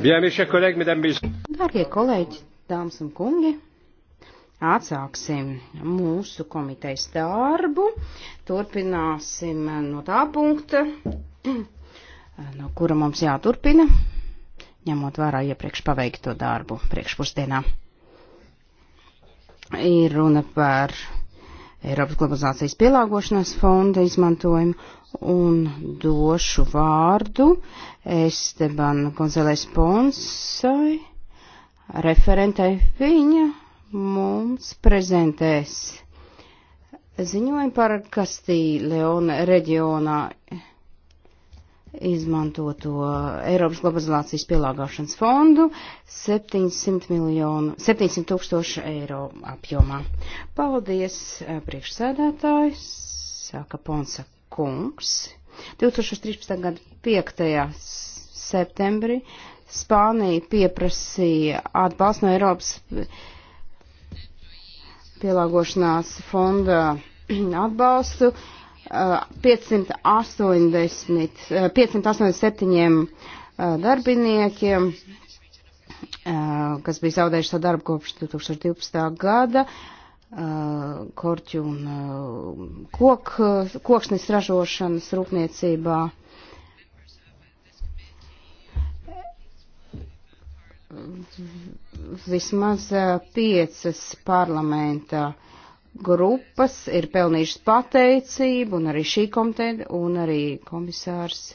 Darbie kolēģi, dāmas un kungi, atsāksim mūsu komitejas darbu. Turpināsim no tā punkta, no kura mums jāturpina, ņemot vērā iepriekš paveikto darbu priekšpusdienā. Ir runa par Eiropas globalizācijas pielāgošanās fonda izmantojumu un došu vārdu Esteban Gonzales Ponsai, referentai viņa mums prezentēs ziņojumu par Kastīleona reģionā izmantoto Eiropas globalizācijas pielāgāšanas fondu 700 miljonu, 700 tūkstošu eiro apjomā. Paldies, eh, priekšsēdētājs, saka Ponsa kungs 2013. gada 5. septembrī Spānija pieprasīja atbalstu no Eiropas pielāgošanās fonda atbalstu 580, uh, 587 uh, uh, darbiniekiem, kas bija zaudējuši savu darbu kopš 2012. gada korķu un kok, kokšnes ražošanas rūpniecībā. Vismaz piecas parlamenta grupas ir pelnījušas pateicību, un arī šī komiteja, un arī komisārs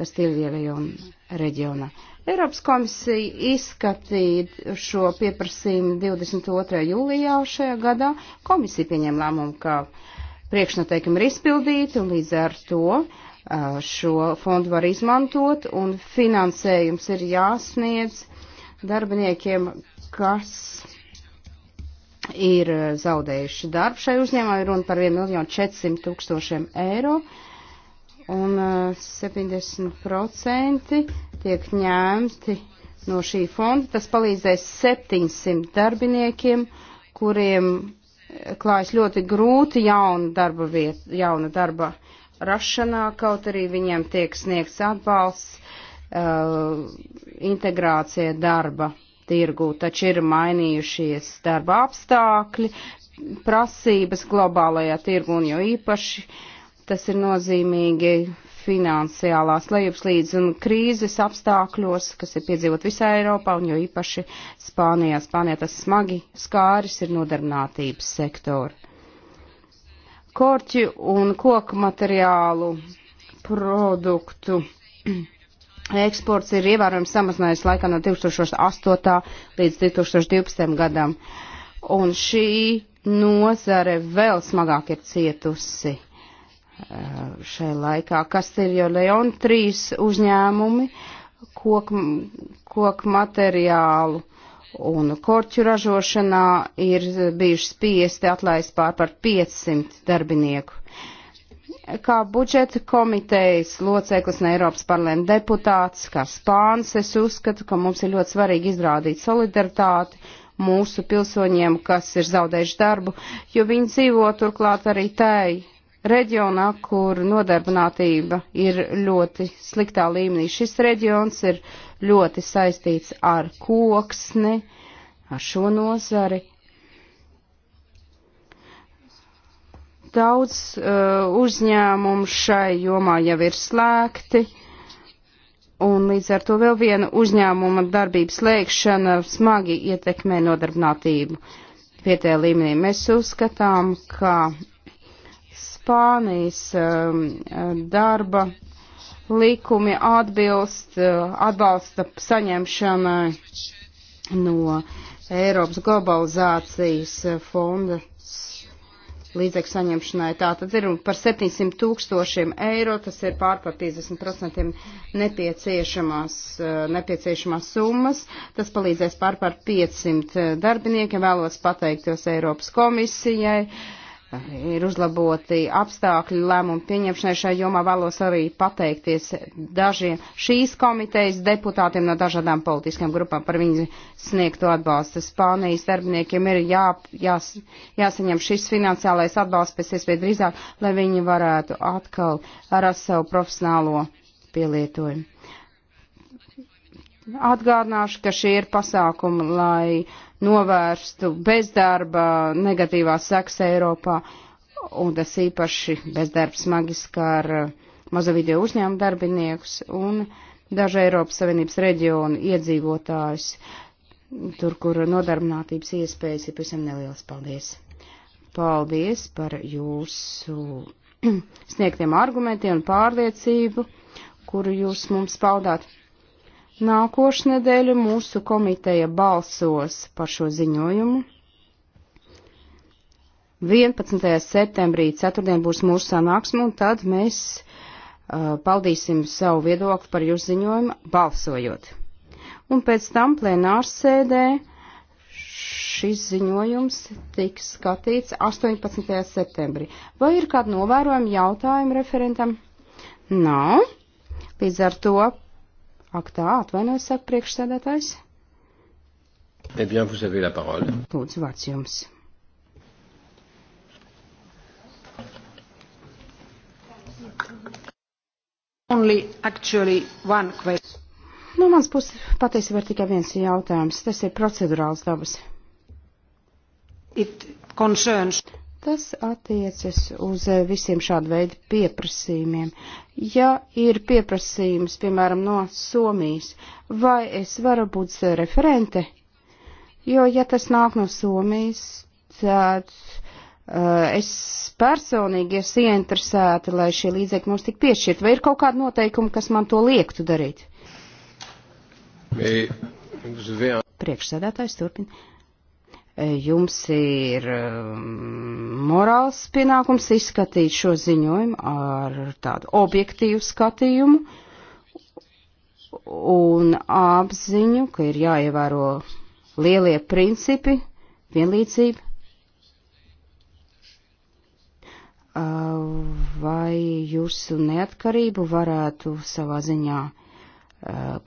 Kastīļielajona reģionā. Eiropas komisija izskatīja šo pieprasījumu 22. jūlijā šajā gadā. Komisija pieņēma lēmumu, ka priekšnoteikumi ir izpildīti un līdz ar to šo fondu var izmantot un finansējums ir jāsniedz darbiniekiem, kas ir zaudējuši darbu šai uzņēmumā, ir runa par 1 miljonu 400 tūkstošiem eiro un 70% tiek ņemti no šī fonda. Tas palīdzēs 700 darbiniekiem, kuriem klājas ļoti grūti jauna darba vieta, jauna darba rašanā, kaut arī viņiem tiek sniegts atbalsts uh, integrācija darba tirgū, taču ir mainījušies darba apstākļi, prasības globālajā tirgū un jo īpaši tas ir nozīmīgi finansiālās lejupslīdes un krīzes apstākļos, kas ir piedzīvot visā Eiropā un jo īpaši Spānijā. Spānijā tas smagi skāris ir nodarbinātības sektori. Korķu un koku materiālu produktu eksports ir ievērojami samazinājies laikā no 2008. līdz 2012. gadam. Un šī nozare vēl smagāk ir cietusi Eh, šai laikā. Kastiljo Leon trīs uzņēmumi koku kok materiālu un korķu ražošanā ir bijuši spiesti atlaist pār par 500 darbinieku. Kā budžeta komitejas loceklis un Eiropas parlamenta deputāts, kā spāns, es uzskatu, ka mums ir ļoti svarīgi izrādīt solidaritāti mūsu pilsoņiem, kas ir zaudējuši darbu, jo viņi dzīvo turklāt arī tai reģionā, kur nodarbinātība ir ļoti sliktā līmenī. Šis reģions ir ļoti saistīts ar koksni, ar šo nozari. Daudz uh, uzņēmumu šai jomā jau ir slēgti, un līdz ar to vēl viena uzņēmuma darbības slēgšana smagi ietekmē nodarbinātību vietējā līmenī. Mēs uzskatām, ka Spānijas um, darba likumi atbilst uh, atbalsta saņemšanai no Eiropas globalizācijas uh, fonda līdzekļu saņemšanai. Tā tad ir par 700 tūkstošiem eiro, tas ir pār par 50% nepieciešamās, uh, nepieciešamās summas. Tas palīdzēs pār par 500 darbiniekiem, vēlos pateikties Eiropas komisijai. Uh, ir uzlaboti apstākļi lēmumu pieņemšanai šajā jomā. Vēlos arī pateikties dažiem šīs komitejas deputātiem no dažādām politiskām grupām par viņu sniegto atbalstu. Spānijas darbiniekiem ir jā, jās, jāsaņem šis finansiālais atbalsts pēc iespējas drīzāk, lai viņi varētu atkal rast savu profesionālo pielietojumu. Atgādināšu, ka šie ir pasākumi, lai novērstu bezdarba negatīvās sekas Eiropā, un tas īpaši bezdarbs smagi skar eh, mazavideo uzņēmumu darbiniekus un dažu Eiropas Savienības reģionu iedzīvotājus, tur, kur nodarbinātības iespējas ir pavisam nelielas. Paldies! Paldies par jūsu sniegtiem argumentiem un pārliecību, kuru jūs mums paudāt. Nākošu nedēļu mūsu komiteja balsos par šo ziņojumu. 11. septembrī, ceturtdien būs mūsu sanāksme, un tad mēs uh, paldīsim savu viedokli par jūsu ziņojumu balsojot. Un pēc tam plenārs sēdē šis ziņojums tiks skatīts 18. septembrī. Vai ir kādi novērojumi jautājumi referentam? Nav. Līdz ar to Ak tā, atvainojas, saka priekšsēdētājs. Eh bien, vous avez la parole. Lūdzu, vārds jums. Only actually one question. No nu, mans puses patiesībā ir tikai viens jautājums. Tas ir procedurāls dabas. It concerns Tas attiecas uz eh, visiem šādu veidu pieprasījumiem. Ja ir pieprasījums, piemēram, no Somijas, vai es varu būt referente? Jo, ja tas nāk no Somijas, tad uh, es personīgi esmu ieinteresēta, lai šie līdzekļi mums tik piešķirt. Vai ir kaut kāda noteikuma, kas man to liektu darīt? Priekšsēdētājs turpina jums ir um, morāls pienākums izskatīt šo ziņojumu ar tādu objektīvu skatījumu un apziņu, ka ir jāievēro lielie principi, vienlīdzība. Uh, vai jūsu neatkarību varētu savā ziņā uh,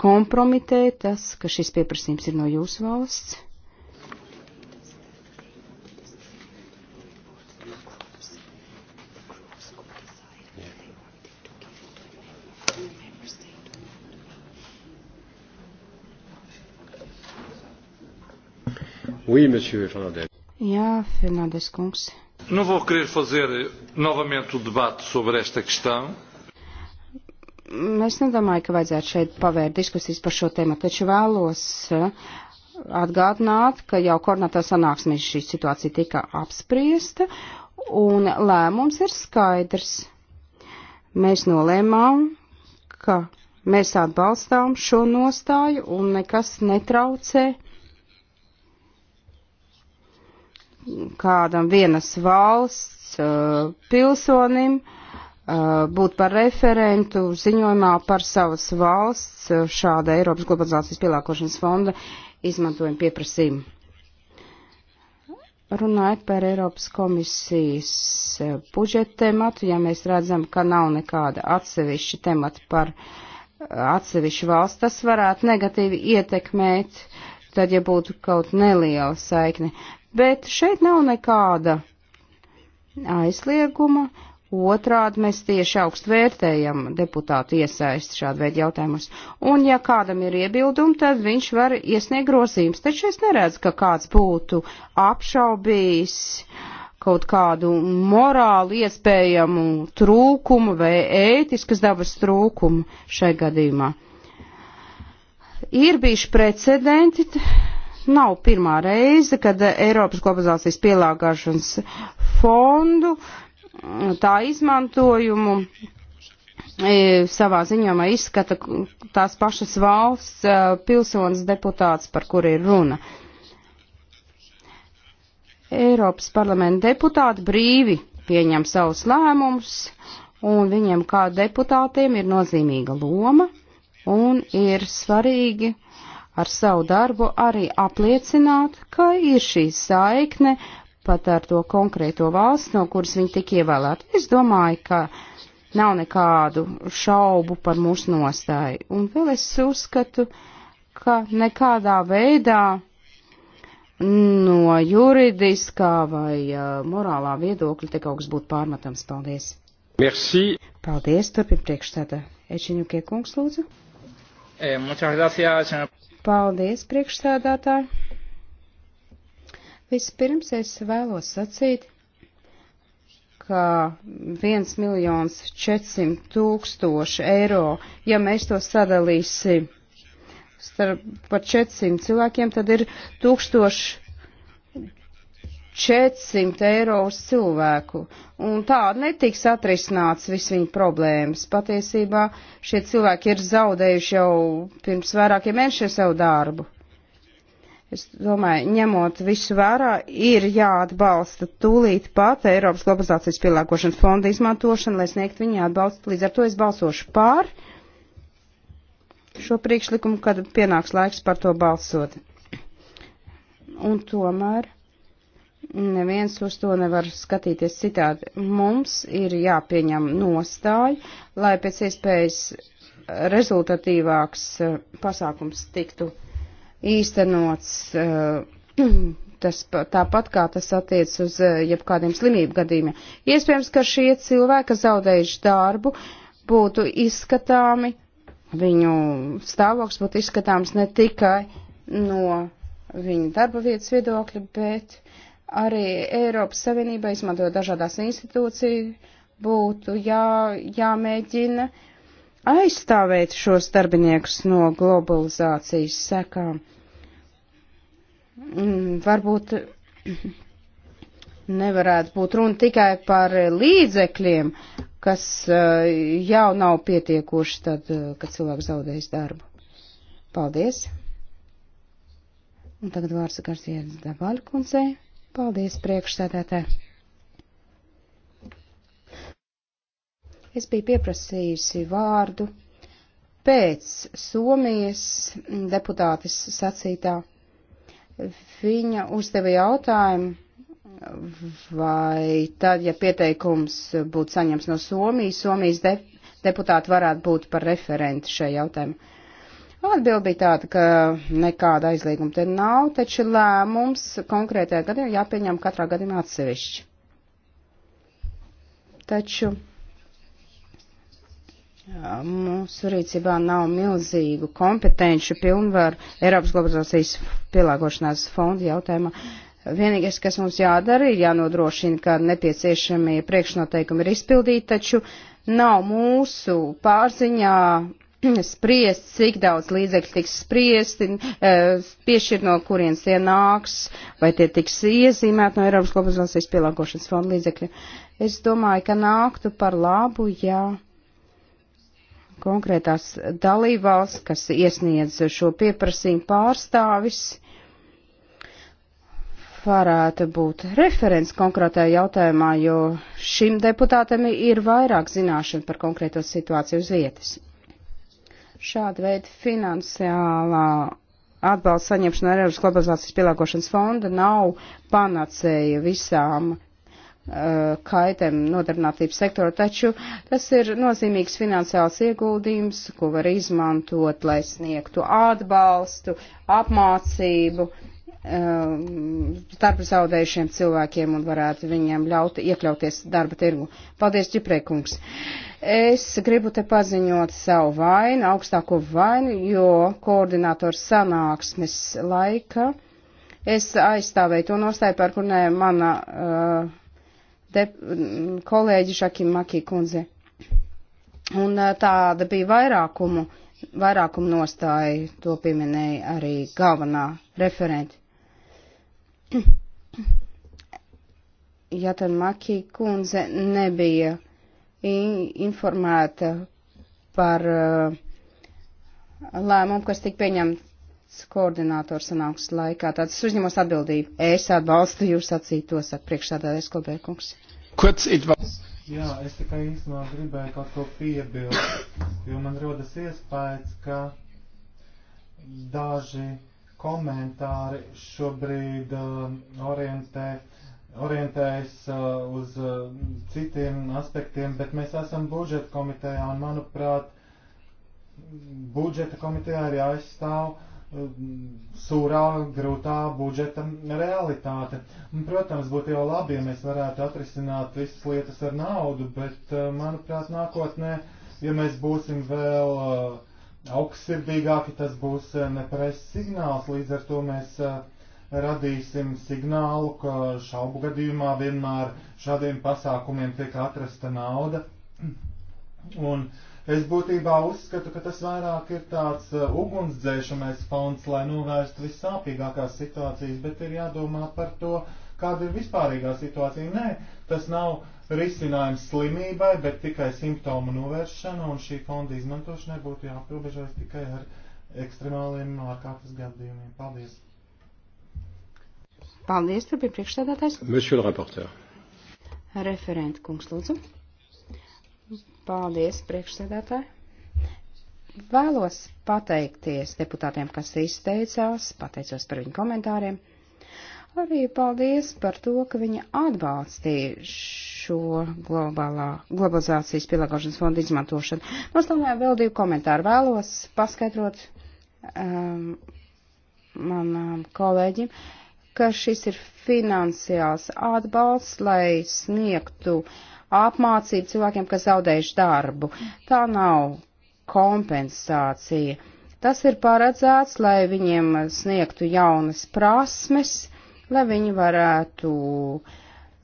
kompromitēt tas, ka šis pieprasījums ir no jūsu valsts? Oui, monsieur Fernandez. Jā, Fernandes kungs. Não nu, vou querer fazer eh, novamente o debate sobre esta questão. Es nedomāju, ka vajadzētu šeit pavērt diskusijas par šo tēmu, taču vēlos eh, atgādināt, ka jau koordinatā sanāksmē šī situācija tika apspriesta un lēmums ir skaidrs. Mēs nolēmām, ka mēs atbalstām šo nostāju un nekas netraucē kādam vienas valsts uh, pilsonim uh, būt par referentu ziņojumā par savas valsts uh, šāda Eiropas globalizācijas pielāgošanas fonda izmantojuma pieprasījumu. Runājot par Eiropas komisijas uh, budžeta tematu, ja mēs redzam, ka nav nekāda atsevišķa temata par uh, atsevišķu valsts, tas varētu negatīvi ietekmēt uh, tad, ja būtu kaut neliela saikne Bet šeit nav nekāda aizlieguma. Otrādi mēs tieši augstu vērtējam deputātu iesaisti šādu veidu jautājumus. Un ja kādam ir iebildumi, tad viņš var iesniegt grozījums. Taču es neredzu, ka kāds būtu apšaubījis kaut kādu morāli iespējamu trūkumu vai ētiskas dabas trūkumu šai gadījumā. Ir bijuši precedenti nav pirmā reize, kad Eiropas globalizācijas pielāgāšanas fondu tā izmantojumu e, savā ziņojumā izskata tās pašas valsts e, pilsonas deputāts, par kur ir runa. Eiropas parlamenta deputāti brīvi pieņem savus lēmumus, un viņiem kā deputātiem ir nozīmīga loma, un ir svarīgi uh, ar savu darbu arī apliecināt, ka ir šī saikne pat ar to konkrēto valsts, no kuras viņi tik ievēlēti. Es domāju, ka nav nekādu šaubu par mūsu nostāju. Un vēl es uzskatu, ka nekādā veidā no juridiskā vai uh, morālā viedokļa te kaut kas būtu pārmetams. Paldies! Merci. Paldies, turpin priekšstādā. Ečiņukie kungs, lūdzu. Eh, muchas gracias, señor. Paldies, priekšsēdētāji! Vispirms es vēlos sacīt, ka 1 miljons 400 tūkstoši eiro, ja mēs to sadalīsim starp pa 400 cilvēkiem, tad ir 1000 400 eiro uz cilvēku, un tā netiks atrisināts viss viņa problēmas. Patiesībā šie cilvēki ir zaudējuši jau pirms vairākiem mēnešiem savu darbu. Es domāju, ņemot visu vērā, ir jāatbalsta tūlīt pat Eiropas globalizācijas pielāgošanas fonda izmantošana, lai sniegt viņai atbalstu. Līdz ar to es balsošu pār šo priekšlikumu, kad pienāks laiks par to balsot. Un tomēr neviens uz to nevar skatīties citādi. Mums ir jāpieņem nostāja, lai pēc iespējas rezultatīvāks eh, pasākums tiktu īstenots. Eh, tas tāpat kā tas attiec uz eh, jebkādiem slimību gadījumiem. Iespējams, ka šie cilvēki, kas zaudējuši darbu, būtu izskatāmi, viņu stāvoklis būtu izskatāms ne tikai no viņa darba vietas viedokļa, bet Arī Eiropas Savienība izmanto dažādās institūciju, būtu jā, jāmēģina aizstāvēt šos darbiniekus no globalizācijas sekām. Mm, varbūt nevarētu būt runa tikai par līdzekļiem, kas eh, jau nav pietiekoši tad, eh, kad cilvēks zaudējis darbu. Paldies! Un tagad vārds Garcijas Dabaļkundzei. Paldies, priekšsēdētē. Es biju pieprasījusi vārdu pēc Somijas deputātes sacītā. Viņa uzdeva jautājumu, vai tad, ja pieteikums būtu saņemts no Somijas, Somijas de deputāti varētu būt par referenti šajā jautājumā. Atbildi bija tāda, ka nekāda aizlieguma te nav, taču lēmums konkrētajā gadījumā jāpieņem katrā gadījumā atsevišķi. Taču jā, mūsu rīcībā nav milzīgu kompetenci pilnvaru Eiropas globalizācijas pielāgošanās fonda jautājumā. Vienīgais, kas mums jādara, ir jānodrošina, ka nepieciešamie priekšnoteikumi ir izpildīti, taču nav mūsu pārziņā spriest, cik daudz līdzekļu tiks spriesti, e, piešķirt no kurienes tie nāks, vai tie tiks iezīmēti no Eiropas globalizācijas pielāgošanas fonda līdzekļu. Es domāju, ka nāktu par labu, ja konkrētās dalībvalsts, kas iesniedz šo pieprasījumu pārstāvis, varētu būt referents konkrētajā jautājumā, jo šim deputātam ir vairāk zināšana par konkrēto situāciju uz vietas. Šāda veida finansiālā atbalsta saņemšana ar Eiropas globalizācijas pielāgošanas fonda nav panacēja visām uh, kaitēm nodarbinātības sektoru, taču tas ir nozīmīgs finansiāls ieguldījums, ko var izmantot, lai sniegtu atbalstu, apmācību, uh, darba um, zaudējušiem cilvēkiem un varētu viņiem ļaut iekļauties darba tirgu. Paldies, Čiprēkungs! Es gribu te paziņot savu vainu, augstāko vainu, jo koordinātors sanāksmes laika es aizstāvēju to nostāju, par kur ne mana uh, de, kolēģi Šakim Makī kundze. Un uh, tāda bija vairākumu, vairākumu nostāja, to pieminēja arī galvenā referenta. Jatanmaki kundze nebija informēta par uh, lēmumu, kas tika pieņemts koordinātoru sanāks laikā. Tātad es uzņemos atbildību. Es atbalstu jūs sacītos ar priekšstādātais Kolbēkungs. Kurz etwas. Jā, es tikai īstenībā gribēju kaut ko piebilst, jo man rodas iespējas, ka daži komentāri šobrīd uh, orientē, orientējas uh, uz uh, citiem aspektiem, bet mēs esam budžeta komitejā un, manuprāt, budžeta komitejā ir jāizstāv sūrā, grūtā budžeta realitāte. Un, protams, būtu jau labi, ja mēs varētu atrisināt visas lietas ar naudu, bet, manuprāt, nākotnē, ja mēs būsim vēl uh, augstsirdīgāki, tas būs eh, nepareizs signāls. Līdz ar to mēs eh, radīsim signālu, ka šaubu gadījumā vienmēr šādiem pasākumiem tiek atrasta nauda. Un es būtībā uzskatu, ka tas vairāk ir tāds eh, ugunsdzēšanais fonds, lai novērstu vissāpīgākās situācijas, bet ir jādomā par to, kāda ir vispārīgā situācija. Nē, tas nav risinājums slimībai, bet tikai simptomu novēršana, un šī fonda izmantošanai būtu jāaprobežojas tikai ar ekstremāliem ārkārtas gadījumiem. Paldies! Paldies, turpin priekšstādātais. Monsieur le rapporteur. Referent kungs, lūdzu. Paldies, priekšstādātāji. Vēlos pateikties deputātiem, kas izteicās, pateicos par viņu komentāriem. Arī paldies par to, ka viņa atbalstīja šo globālā, globalizācijas pielāgošanas fonda izmantošanu. Nostāvnē vēl divu komentāru vēlos paskaidrot um, manām kolēģim, ka šis ir finansiāls atbalsts, lai sniegtu apmācību cilvēkiem, kas zaudējuši darbu. Tā nav kompensācija. Tas ir paredzēts, lai viņiem sniegtu jaunas prasmes, lai viņi varētu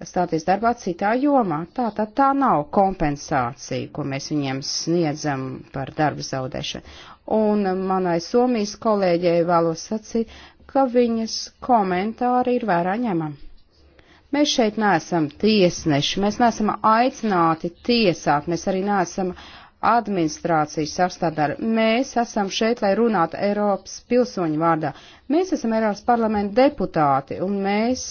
stāties darbā citā jomā. Tā tad tā nav kompensācija, ko mēs viņiem sniedzam par darba zaudēšanu. Un manai Somijas kolēģei vēlos sacīt, ka viņas komentāri ir vērā ņemam. Mēs šeit neesam tiesneši, mēs neesam aicināti tiesāt, mēs arī neesam administrācijas sastāvdaļa. Mēs esam šeit, lai runātu Eiropas pilsoņu vārdā. Mēs esam Eiropas parlamenta deputāti, un mēs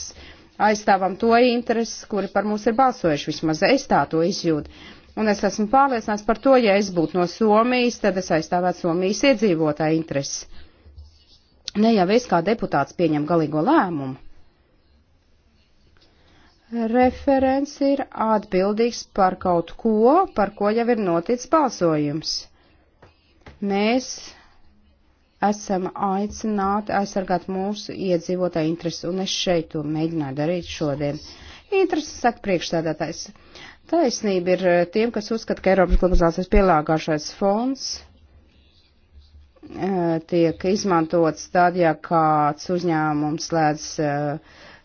aizstāvam to intereses, kuri par mums ir balsojuši. Vismaz es tā to izjūtu. Un es esmu pārliecināts par to, ja es būtu no Somijas, tad es aizstāvētu Somijas iedzīvotāju intereses. Ne jau es kā deputāts pieņem galīgo lēmumu referents ir atbildīgs par kaut ko, par ko jau ir noticis balsojums. Mēs esam aicināti aizsargāt mūsu iedzīvotāju interesu, un es šeit to mēģināju darīt šodien. Interesi saka priekšstādātais. Taisnība ir eh, tiem, kas uzskata, ka Eiropas globalizācijas pielāgāšais fonds eh, tiek izmantots tad, ja kāds uzņēmums slēdz uh,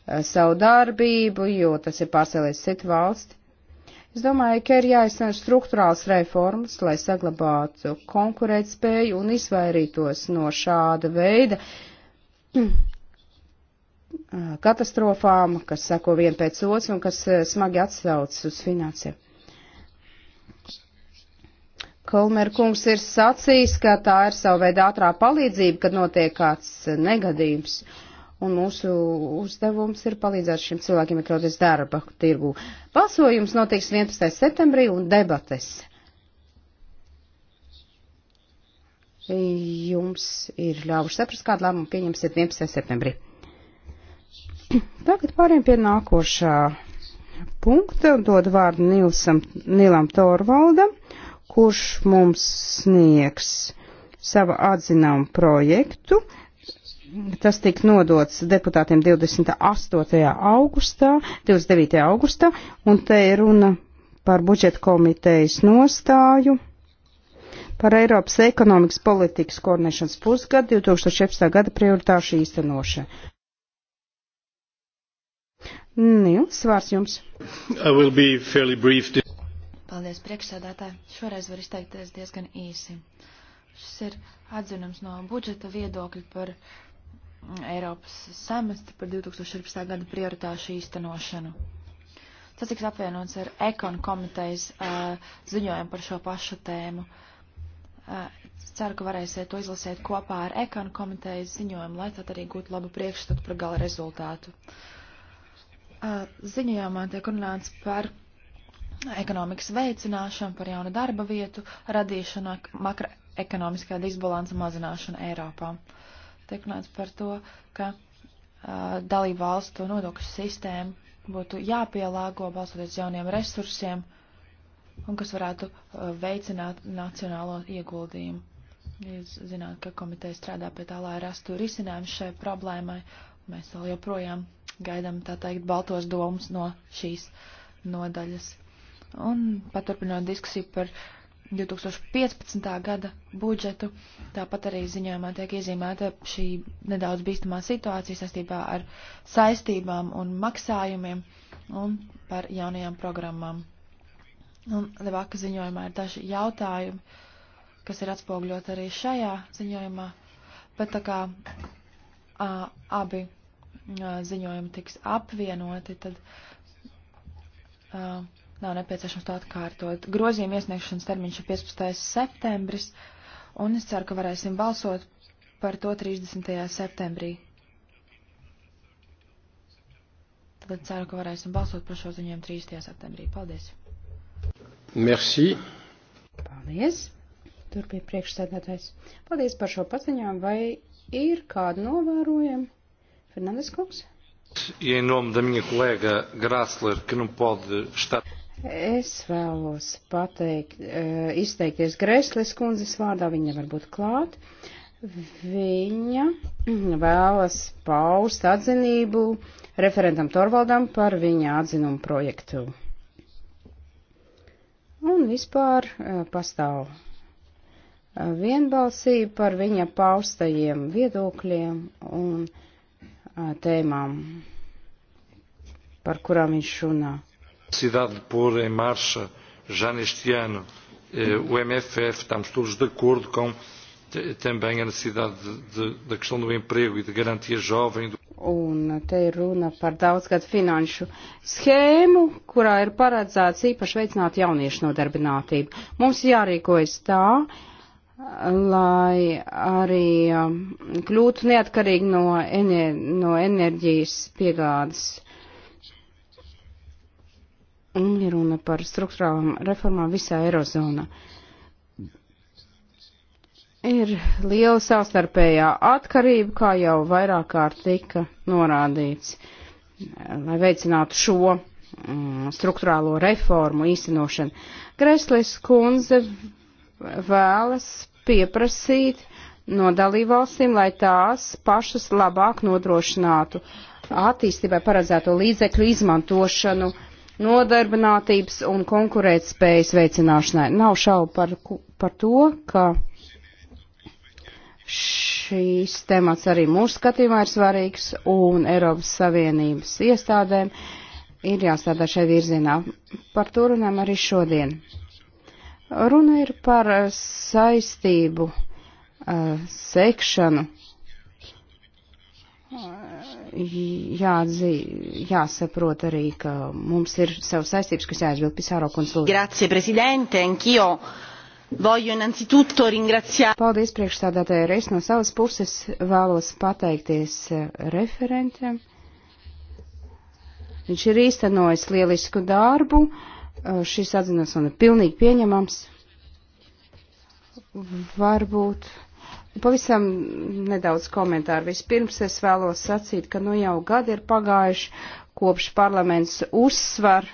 Eh, savu darbību, jo tas ir pārcēlies citu valsti. Es domāju, ka ir jāizsniedz struktūrāls reformas, lai saglabātu konkurētspēju un izvairītos no šāda veida eh, katastrofām, kas sako vien pēc otras un kas eh, smagi atsauc uz finansēm. Kolmer kungs ir sacījis, ka tā ir sava veida ātrā palīdzība, kad notiek kāds negadījums. Uh, un mūsu uzdevums ir palīdzēt šiem cilvēkiem iekļauties darba tirgū. Balsojums notiks 11. septembrī un debates. Jums ir ļāvuši saprast, kādu lēmumu pieņemsiet 11. septembrī. Tagad pāriem pie nākošā punkta. Dod vārdu Nilsam, Nilam Torvaldam, kurš mums sniegs savu atzināmu projektu tas tika nodots deputātiem 28. augustā, 29. augustā, un te ir runa par budžeta komitejas nostāju par Eiropas ekonomikas politikas koordinēšanas pusgadu 2017. gada prioritāšu īstenošanu. Nils, vārds jums. Paldies, priekšsēdētāji. Šoreiz var izteikties diezgan īsi. Šis ir atzinums no budžeta viedokļa par Eiropas semestri par 2014. gada prioritāšu īstenošanu. Tas tiks apvienots ar Ekon komitejas uh, ziņojumu par šo pašu tēmu. Uh, ceru, ka varēsiet to izlasīt kopā ar Ekon komitejas ziņojumu, lai tad arī gūtu labu priekšstatu par gala rezultātu. Uh, ziņojumā tiek runāts par ekonomikas veicināšanu, par jaunu darba vietu radīšanu, makroekonomiskā disbalansa mazināšanu Eiropā. Uh, tiek runāts par to, ka uh, dalību valstu nodokļu sistēma būtu jāpielāgo balstoties jauniem resursiem un kas varētu uh, veicināt nacionālo ieguldījumu. Jūs zināt, ka komiteja strādā pie tā, lai rastu risinājumu šai problēmai. Mēs vēl joprojām gaidām, tā teikt, baltos domas no šīs nodaļas. Un paturpinot diskusiju par uh, 2015. gada budžetu. Tāpat arī ziņojumā tiek iezīmēta šī nedaudz bīstamā situācija saistībā ar saistībām un maksājumiem un par jaunajām programmām. Un Levaka ziņojumā ir daži jautājumi, kas ir atspogļot arī šajā ziņojumā, bet tā kā a, abi a, ziņojumi tiks apvienoti, tad. A, nav nepieciešams to atkārtot. Grozījuma iesniegšanas termiņš ir 15. septembris, un es ceru, ka varēsim balsot par to 30. septembrī. Tad ceru, ka varēsim balsot par šo ziņojumu 30. septembrī. Paldies! Merci! Paldies! Turpie priekšsēdētājs. Paldies par šo paziņojumu. Vai ir kādu novērojumu? Fernandes Kungs? Em nome da minha colega Grassler, que não nu pode estar. Es vēlos pateikt, e, izteikties Greslis kundzes vārdā, viņa nevar būt klāt. Viņa vēlas paust atzinību referentam Torvaldam par viņa atzinumu projektu. Un vispār e, pastāv e, vienbalsība par viņa paustajiem viedokļiem un tēmām, par kurām viņš runā necessidade de pôr em marcha já neste ano eh, o MFF, estamos todos de acordo com também a necessidade de, de, da questão do emprego e de garantia jovem. Do... Un te ir runa par daudzgadu finanšu schēmu, kurā ir paredzēts īpaši veicināt jauniešu nodarbinātību. Mums jārīkojas tā, lai arī um, kļūtu neatkarīgi no, ener no enerģijas piegādes un ir runa par struktūrālām reformām visā Eirozonā. Ir liela savstarpējā atkarība, kā jau vairāk kārt tika norādīts, lai veicinātu šo mm, struktūrālo reformu īstenošanu. Greslis kundze vēlas pieprasīt no dalībvalstīm, lai tās pašas labāk nodrošinātu attīstībai paredzēto līdzekļu izmantošanu uh, nodarbinātības un konkurētspējas veicināšanai. Nav šaubu par, par to, ka šīs temats arī mūsu skatījumā ir svarīgs un Eiropas Savienības iestādēm ir jāstrādā šai virzienā. Par to runājam arī šodien. Runa ir par saistību uh, sekšanu jāatzī, jāsaprot arī, ka mums ir savas saistības, kas jāizbild Pisāro konsultāciju. Grazie, prezidente, anch'io. Voglio innanzitutto ringraziare. Paldies priekšstādātāji, es no savas puses vēlos pateikties eh, referentam. Viņš ir īstenojis lielisku darbu, eh, šis atzinās un ir pilnīgi pieņemams. Varbūt Pavisam nedaudz komentāru. Vispirms es vēlos sacīt, ka nu jau gadi ir pagājuši, kopš parlaments uzsver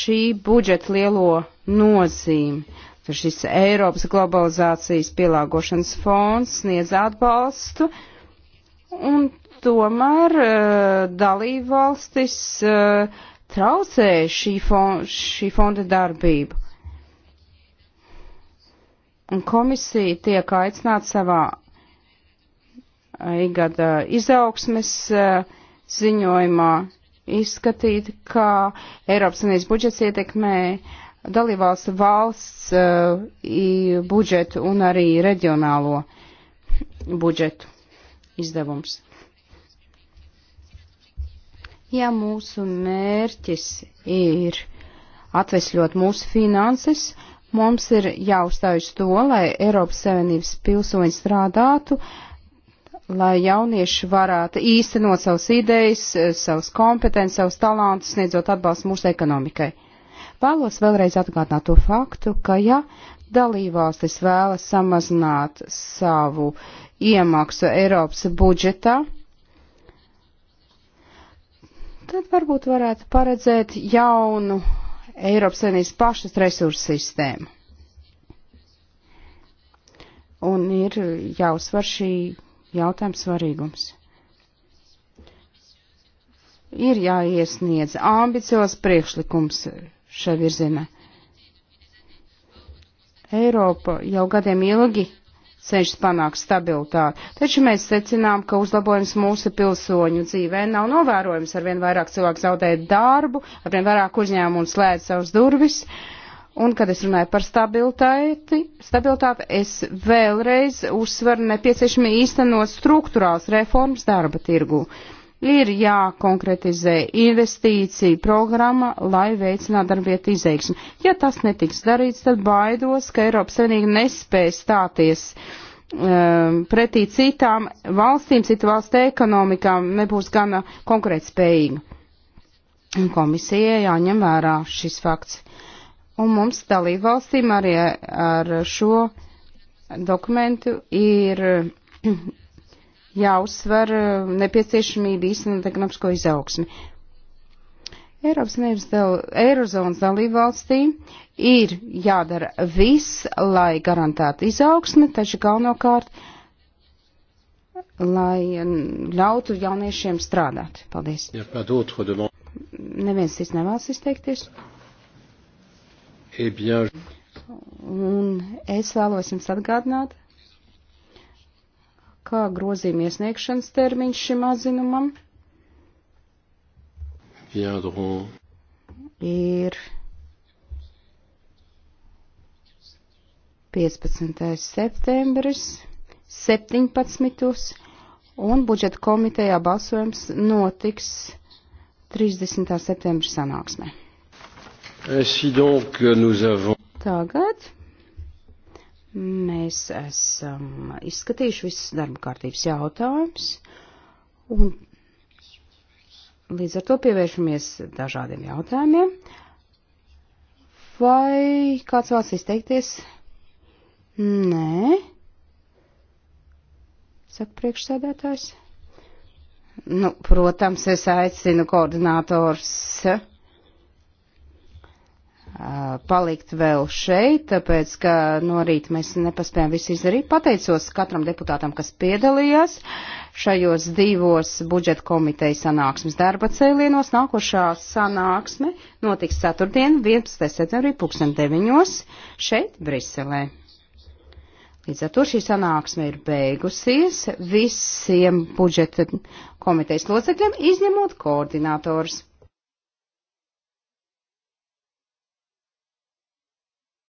šī budžeta lielo nozīmi. Šis Eiropas globalizācijas pielāgošanas fonds sniedz atbalstu, un tomēr uh, dalībvalstis uh, traucē šī, fon šī fonda darbību Un komisija tiek aicināta savā eh, igada izaugsmes eh, ziņojumā izskatīt, kā Eiropas Savienības budžets ietekmē dalībvalstu valsts eh, budžetu un arī reģionālo budžetu izdevums. Ja mūsu mērķis ir atvesļot mūsu finanses, uh, Mums ir jāuzstājas to, lai Eiropas Savienības pilsoņi strādātu, lai jaunieši varētu īstenot savas idejas, savas kompetences, savus talantus, sniedzot atbalstu mūsu ekonomikai. Vēlos vēlreiz atgādināt to faktu, ka ja dalībvalstis vēlas samazināt savu iemaksu Eiropas budžetā, tad varbūt varētu paredzēt jaunu Eiropas Savienības pašas resursu sistēmu. Un ir jāuzsver šī jautājuma svarīgums. Ir jāiesniedz ambiciozs priekšlikums šai virzienai. Eiropa jau gadiem ilgi cenšas panākt stabilitāti. Taču mēs secinām, ka uzlabojums mūsu pilsoņu dzīvē nav novērojams. Arvien vairāk cilvēku zaudē darbu, arvien vairāk uzņēmumu slēdz savus durvis. Un, kad es runāju par stabilitāti, stabilitāti es vēlreiz uzsveru nepieciešami īstenot struktūrāls reformas darba tirgū ir jākonkretizē investīcija programma, lai veicinātu darbvietu izveiksmi. Ja tas netiks darīts, tad baidos, ka Eiropas Savienība nespēja stāties um, pretī citām valstīm, citu valstu ekonomikām, nebūs gana konkurētspējīga. Komisijai jāņem vērā šis fakts. Un mums dalībvalstīm arī ar šo dokumentu ir jāuzsver eh, nepieciešamība īstenot ekonomisko izaugsmi. Eiropas Savienības del, Eirozonas dalībvalstī ir jādara viss, lai garantētu izaugsmi, taču galvenokārt, lai ļautu jauniešiem strādāt. Paldies. Neviens cits nevēlas izteikties. Eh bien... Un es vēlos jums atgādināt, kā grozījuma iesniegšanas termiņš šim atzinumam? Viendront. Ir 15. septembris, 17. un budžeta komitejā balsojums notiks 30. septembra sanāksmē. Ainsi donc, nous avons... Tagad Mēs esam izskatījuši visus darba kārtības jautājumus, un līdz ar to pievēršamies dažādiem jautājumiem. Vai kāds vēlas izteikties? Nē, saka priekšsēdētājs. Nu, protams, es aicinu koordinātors palikt vēl šeit, tāpēc, ka no rīta mēs nepaspējām visu izdarīt. Pateicos katram deputātam, kas piedalījās šajos divos budžeta komiteja sanāksmes darba cēlienos. Nākošā sanāksme notiks ceturtdien, 11. septembrī, 2009. šeit, Briselē. Līdz ar to šī sanāksme ir beigusies visiem budžeta komitejas locekļiem, izņemot koordinātors.